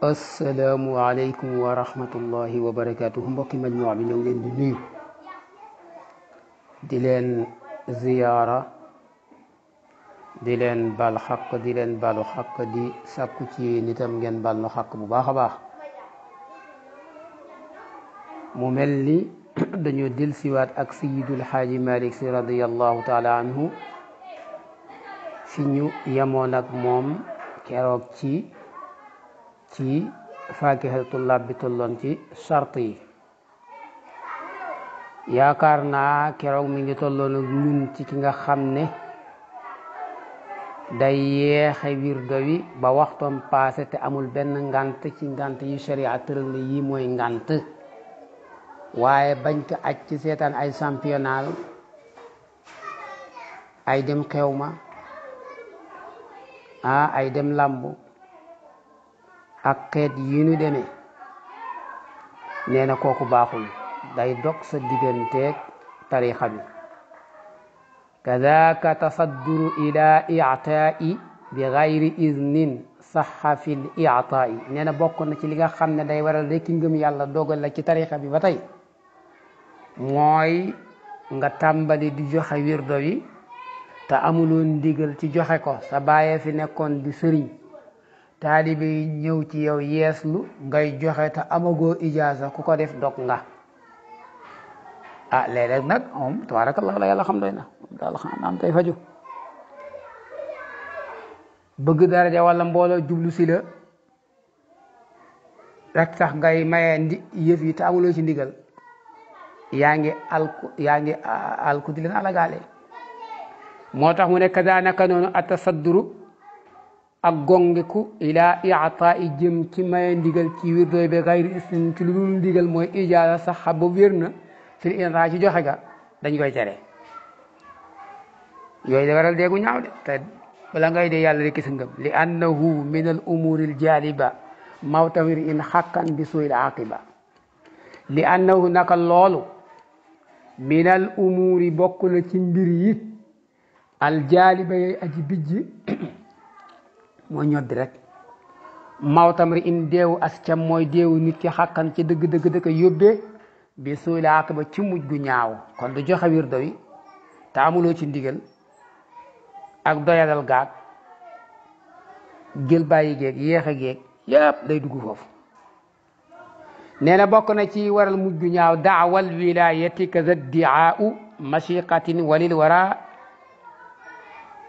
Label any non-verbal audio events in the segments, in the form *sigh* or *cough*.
asalaamualeykum wa rahmatullahi wa barakaatu mbokki majmua bi ñëw leen di nuyu di leen ziyaara di leen bal xaq di leen xaq di sàkku ci nitam ngeen bal nu xaq bu baax a baax mu mel ni *clears throat* dañoo dil siwaat ak sayidul xaaji malik si radiallahu taala anhu fi ñu yemoon ak moom keroog ci ci faakihatu tullaab bi tolloon ci sart yi yaakaar naa keroog mi ngi tolloon ak ñun ci ki nga xam ne day yeexe wirdo wi ba waxtoon paase te amul benn ngant ci ngant yu sharia tëral ne yii mooy ngant waaye bañ ko aj ci seetaan ay championnat ay dem xew ma ah ay dem làmbu ak xeet yi nu demee nee na kooku baaxul day dog sa digganteeg tarixa bi kadaka tasadduru ila i'taai bi gayri iznin saxa fi l i'taai nee na na ci li nga xam ne day waral rekki ngëm yàlla dogal la ci tarixa bi ba tey mooy nga tàmbali di joxe wirdo yi te amuloo ndigal ci joxe ko sa bàyyee fi nekkoon di sëriñ taalibe yi ñëw ci yow yeeslu ngay joxe te amagoo ijaasa ku ko def ndok nga a ah, léeg nag moom tabaarakallah la yàlla jublu si la rek tax ngay maye ndi yëf yi ci ndigal yaa ngi alku yaa ngi ah, alku di leen moo tax mu ne kadaa naka noonu atasadduru ak gongeku ilaa iata i jëm ci maye ndigal ci wir doy be gayri istin ci lu dul ndigal mooy sax xa ba wér na fil insa ci joxe ga dañ koy tere yooyu da waral deegu ñaaw de te bala ngay dee yàlla rekki sa ngëm li annahu min al umuri l jaliba mawtawir in xakkan bi suy l li annahu naka loolu min umuri bokk na ci mbir yi aji bijji mooy ñoddi rek mawtam ri in deewu as cam mooy deewu nit ki xàkkan ci dëgg dëgg dëgg yóbbee bi suy laak ba ci mujj gu ñaaw kon du joxe wirdo wi te amuloo ci ndigal ak doyadal gaag gël bàyyi géeg yéex a géeg yëpp day dugg foofu nee na bokk na ci waral mujj gu ñaaw daawal wilayati kaza diaau mashiqatin walil wara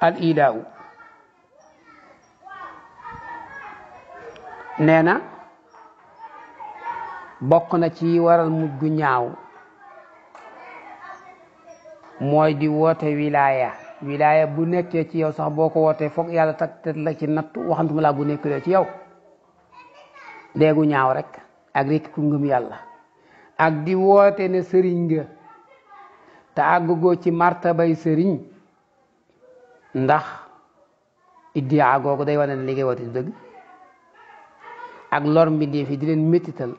al ilaau nee na bokk na ci waral mujj gu ñaaw mooy di woote wilaaya wilaaya bu nekkee ci yow sax boo ko wootee foog yàlla teg la ci nattu waxantuma laa bu nekkulee ci yow déegu ñaaw rek ak rekk ku ngëm yàlla ak di woote ne sëriñ nga te àggugoo ci martabay sëriñ ndax iddi àggoo ko day wane ne liggéey woote du dëgg ak lor bi yi di leen méttital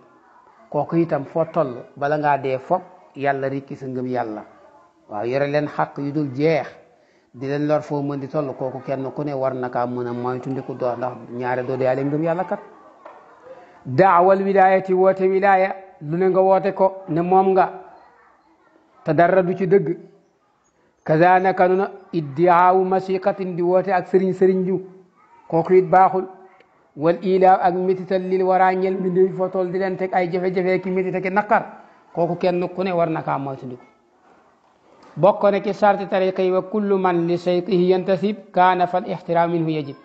kooku itam foo toll bala nga dee fopp yàlla rikki sa ngëm yàlla waaw yore leen xàq yu dul jeex di leen lor foo mën di toll kooku kenn ku ne war na kaa mën a moytu ndiku doo ndax ñaare doo dee yàlla ngëm yàlla kat daawal wilaayati woote wilaaya lu ne nga woote ko ne moom nga te dara du ci dëgg kazaanaka nuna iddiaawu masiqatin di woote ak sëriñ sëriñ ju kooku it baaxul wal ilaaw ak métital lil waraa ñel mbindeef fa tool di leen teg ay jafe-jafe ki métita ki naqar kooku kenn ku ne war na kaa moytandiku bokk na ci sarti tariqa yi wa kullu man li sayqihi yantasib kaana fal ixtiraam minhu yajib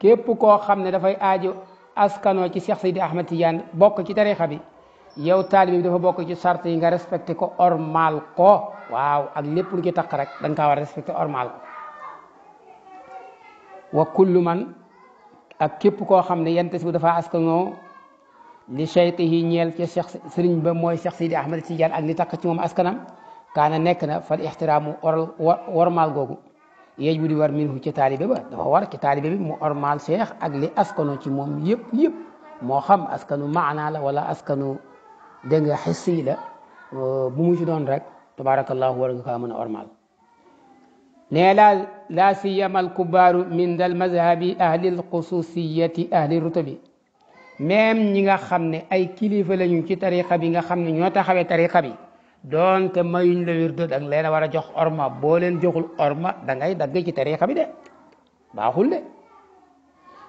képp koo xam ne dafay aajo askanoo ci Cheikh Seydi Ahmad Tidiane bokk ci tariqa bi yow taalibe bi dafa bokk ci sart yi nga respecté ko ormal ko waaw ak lépp lu ci taq rek da nga war respecté ormal wa kullu man ak képp koo xam ne yentasi bu dafa askanoo li cheyti yi ñeel ci cheikh sëriñ ba mooy cheikh sidi ahmad tidiane ak li takk ci moom askanam kaana nekk na fal ixtiraamu oral wormaal googu yeej bu di war minhu ci taalibe ba dafa war ci taalibe bi mu ormaal cheikh ak li askano ci moom yëpp yëpp moo xam askanu maanaa la wala askanu dégg nga xissi la euh, bu mu ci doon rek tabarakallahu war nga kaa mën ormaal nee laa laa siyama alkubaaru min dal mazhabi ahli alxususiyati ahli rutubi même ñi nga xam ne ay kilifa lañu ci tariqa bi nga xam ni ñoo taxawee tariqa bi don mayuñ la wirdo da nga leen a war a jox orma boo leen joxul orma da ngay dagg ci tariqa bi de baaxul de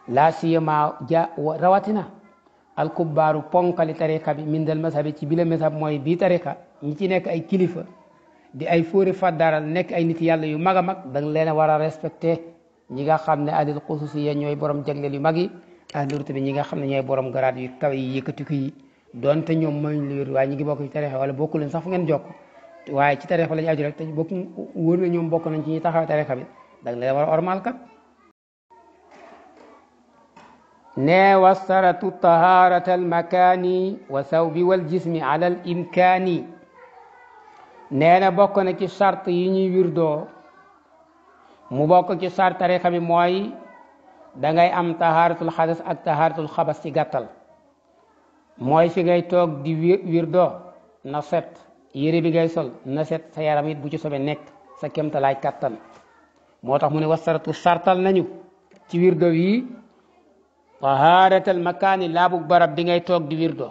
laa siyama ja rawatina alkubaaru ponkali tariqa bi min mazhabi ci bi la mazhab mooy bii tariqa ñi ci nekk ay kilifa di ay fóori fàddaaral nekk ay nit yàlla yu mag a mag da nga leen a war a respecté ñi nga xam ne ahlul xusuus yi ñooy borom jagleel yu mag yi ahlul rutba ñi nga xam ne ñooy borom garaat yu kaw yi yëkkatiku yi donte ñoom mënuñ lu wér waaye ñu ngi bokk ci tarixa wala bokku leen sax fu wa jokk waaye ci tarixa lañu aju rek te bokk wóor na ñoom bokk nañ ci ñi taxaw tarixa bi da nga leen war a ormal kat ne wasaratu taharata almakaani wa sawbi waljismi ala al nee na bokk na ci sart yi ñuy wirdo mu bokk ci sart tarixa mooy dangay am tahaaratul ak tahaaratul xabas ci gàttal mooy fi ngay toog di wirdo na set yére bi ngay sol na set sa yaram it bu ci sobe nekk sa kémtalaaj kàttan moo tax mu ne wasaratu sartal nañu ci wirdo yi tahaaratal makaani laabu barab di ngay toog di wirdo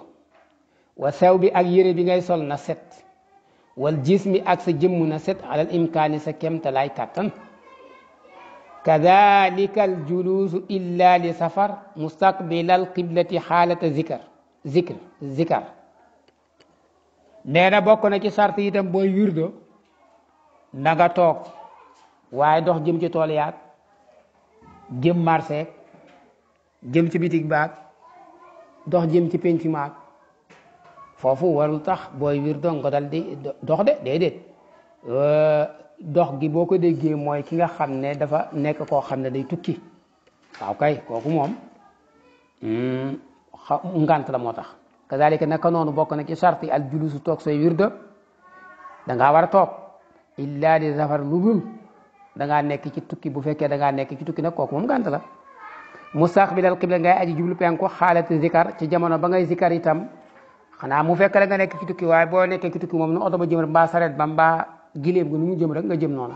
wa sew bi ak yére bi ngay sol na set wal jismi ak sa jëmm na set alal imkaani sa kemtalaay kàttan kadalika illa li safar mustaqbilal qiblati xaalata zikar zikr zikar nee na bokk na ci sart booy wirdo na toog waaye dox jëm ci tool yaag jëm marché jëm ci bitig baag dox jëm ci penc foofu warul tax booy wir dong ko dal di dox de déedéet euh, dox gi boo ko déggee mooy ki nga xam ne dafa nekk koo xam ne day tukki waaw kay kooku moom hmm, ngant la moo tax kazalika naka noonu bokk na ci sarti al julusu toog sooy wirda da ngaa war a toog illa di safar lu nekk ci tukki bu fekkee da ngaa nekk ci tukki nag kooku moom ngay aji jublu penku xaalati zikar ci jamono ba ngay zikar itam xanaa mu fekk rek nga nekk ci tukki waaye boo nekkee ci tukki moom nu oto ba jëm rek mbaa saret ba mbaa giléem gi nu ñu jëm rek nga jëm noona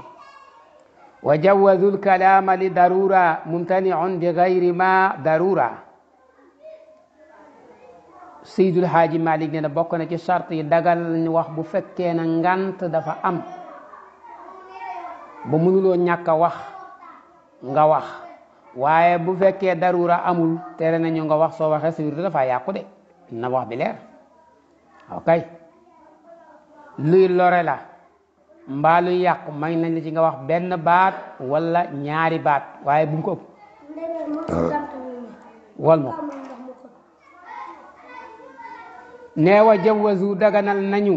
wa jawazu lkalaama li darura mumtaniun bi gayri ma darura Seydul Haaji Malik nee na bokk na ci charte yi dagal wax bu fekkee na ngant dafa am ba mënuloo ñàkk a wax nga wax waaye bu fekkee darura amul tere nañu nga wax soo waxee sa wird dafa yàqu de na wax bi leer waaw luy lore la mbaa yàq yàqu may nañ la ci nga wax benn baat wala ñaari baat waaye bu mu ko ëpp wal ma daganal nañu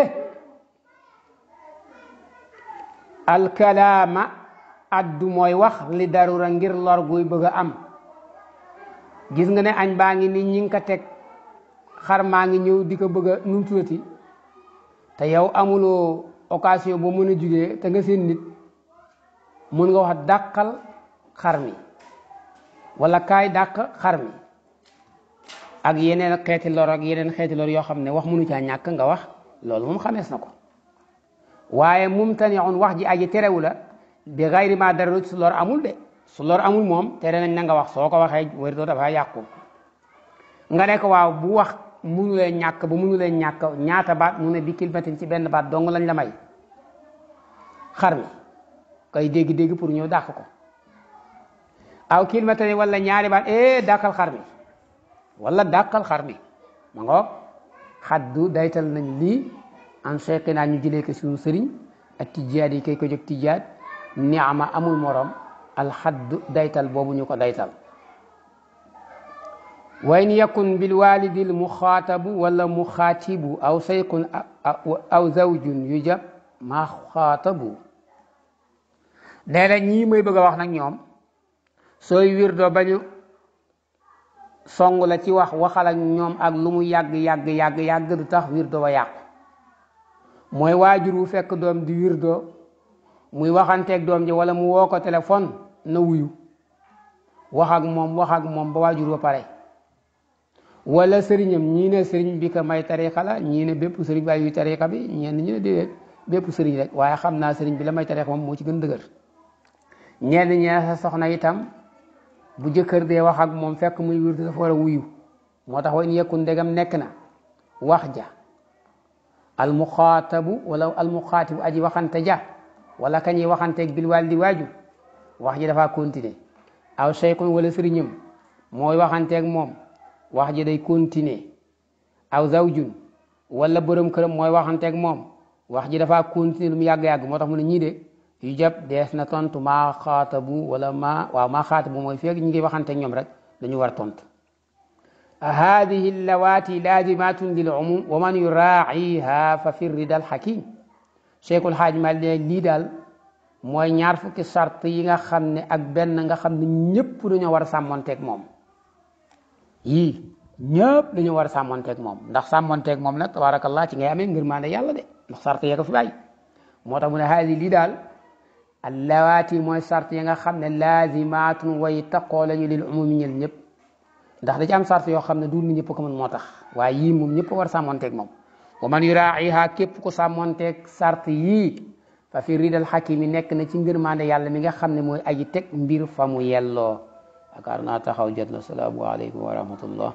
eh alkalaama addu mooy wax li darura ngir lor guy bëgg a am gis nga ne añ baa ngi ni ñi nga ko teg xar maa ngi ñëw di ko bëgg a nu mu tuddati te yow amuloo occasion boo mën a jugee te nga seen nit mën nga wax dàqal xar mi wala kaay dàq xar mi ak yeneen xeeti lor ak yeneen xeeti lor yoo xam ne wax mënu caa ñàkk nga wax loolu moom xamees na ko waaye mum tani on wax ji aji terewu la bi xayri ma dara su lor amul de su lor amul moom tere nañ na nga wax soo ko waxee wér doo dafa yàqu nga ne ko bu wax mu munulee ñàkk bu munulee ñàkk ñaata baat mu ne bi kilimatin ci benn baat dong lañ la may xar kay dégg-dégg pour ñëw dàq ko aw kilimatin wala ñaari baat eh dàqal xar mi wala dàqal xar mi ma ngoog xaddu daytal nañ lii an seqi naa ñu jëlee ko suñu sëriñ ak tijaat yi kay ko jóg tijaat niama amul morom alxaddu daytal boobu ñu ko daytal wa in mu xaata bu walla mu wala bu aw saykun aw zawjun yu jab maa xaatabu bu na ñii may bëgg a wax nag ñoom sooy wirdo bañu song la ci wax waxal ñoom ak lu mu yàgg yàgg yàgg yàgg du tax wirdo ba yàqu mooy waajur wu fekk doom di wirdo muy waxanteeg doom ji wala mu woo ko téléphone na wuyu wax moom wax moom ba waajur ba pare wala sëriñam ñii ne sëriñ bi ko may tariixa la ñii ne bépp sëriñ bày yuy tariixa bi ñenn ñu ne déedéet bépp sëriñ rek waaye xam naa sëriñ bi la may tariixa moom moo ci gën dëgër ñenn ñee sa soxna itam bu jëkkër dee wax ak moom fekk mu wirdu dafa war wuyu moo tax wayn yekkun ndegam nekk na wax ja almuxaatabu wala almuxaatibu aji waxante ja wala kañuy waxanteeg bil waal di waaju wax ji dafa continuer aw cheykun wala sëriñam mooy waxanteeg moom wax ji day continuer aw zawjun wala borom këram mooy waxanteeg moom wax ji dafa continuer lu mu yàgg-yàgg moo mu ne ñii de yu jab dees na tontu maa xaatabu wala ma waaw maa xaatabu mooy feeg ñu ngi waxanteeg ñoom rek dañu war tontu haadihi lawaati laazimatun lil umum wa man yuraaciha fa fi ridal xakim Cheikhul Xaaj Maalik lii daal mooy ñaar fukki sart yi nga xam ne ak benn nga xam ñëpp dañoo war a sàmmonteeg moom yii ñëpp dañu war a moom ndax sàmmonteeg moom nag tabaarakallaa ci ngay amee ngir maande yàlla de ndax sart yee fi bàyyi moo tax mu ne haali lii daal allawaati mooy sart ya nga xam ne laazimaatun way taqoo lañu lil umumi ñel ñëpp ndax da am sart yoo xam ne duul ni ñëpp ko moo tax waaye yii moom ñëpp war a sàmmonteeg moom wa man yuraa'iha képp ku sàmmonteeg sart yii fa fi ridal xakim nekk na ci ngir maande yàlla mi nga xam ne mooy aji teg mbir fa mu yelloo yaakaar naa taxaw jot na salaamualeykum wa rahmatullah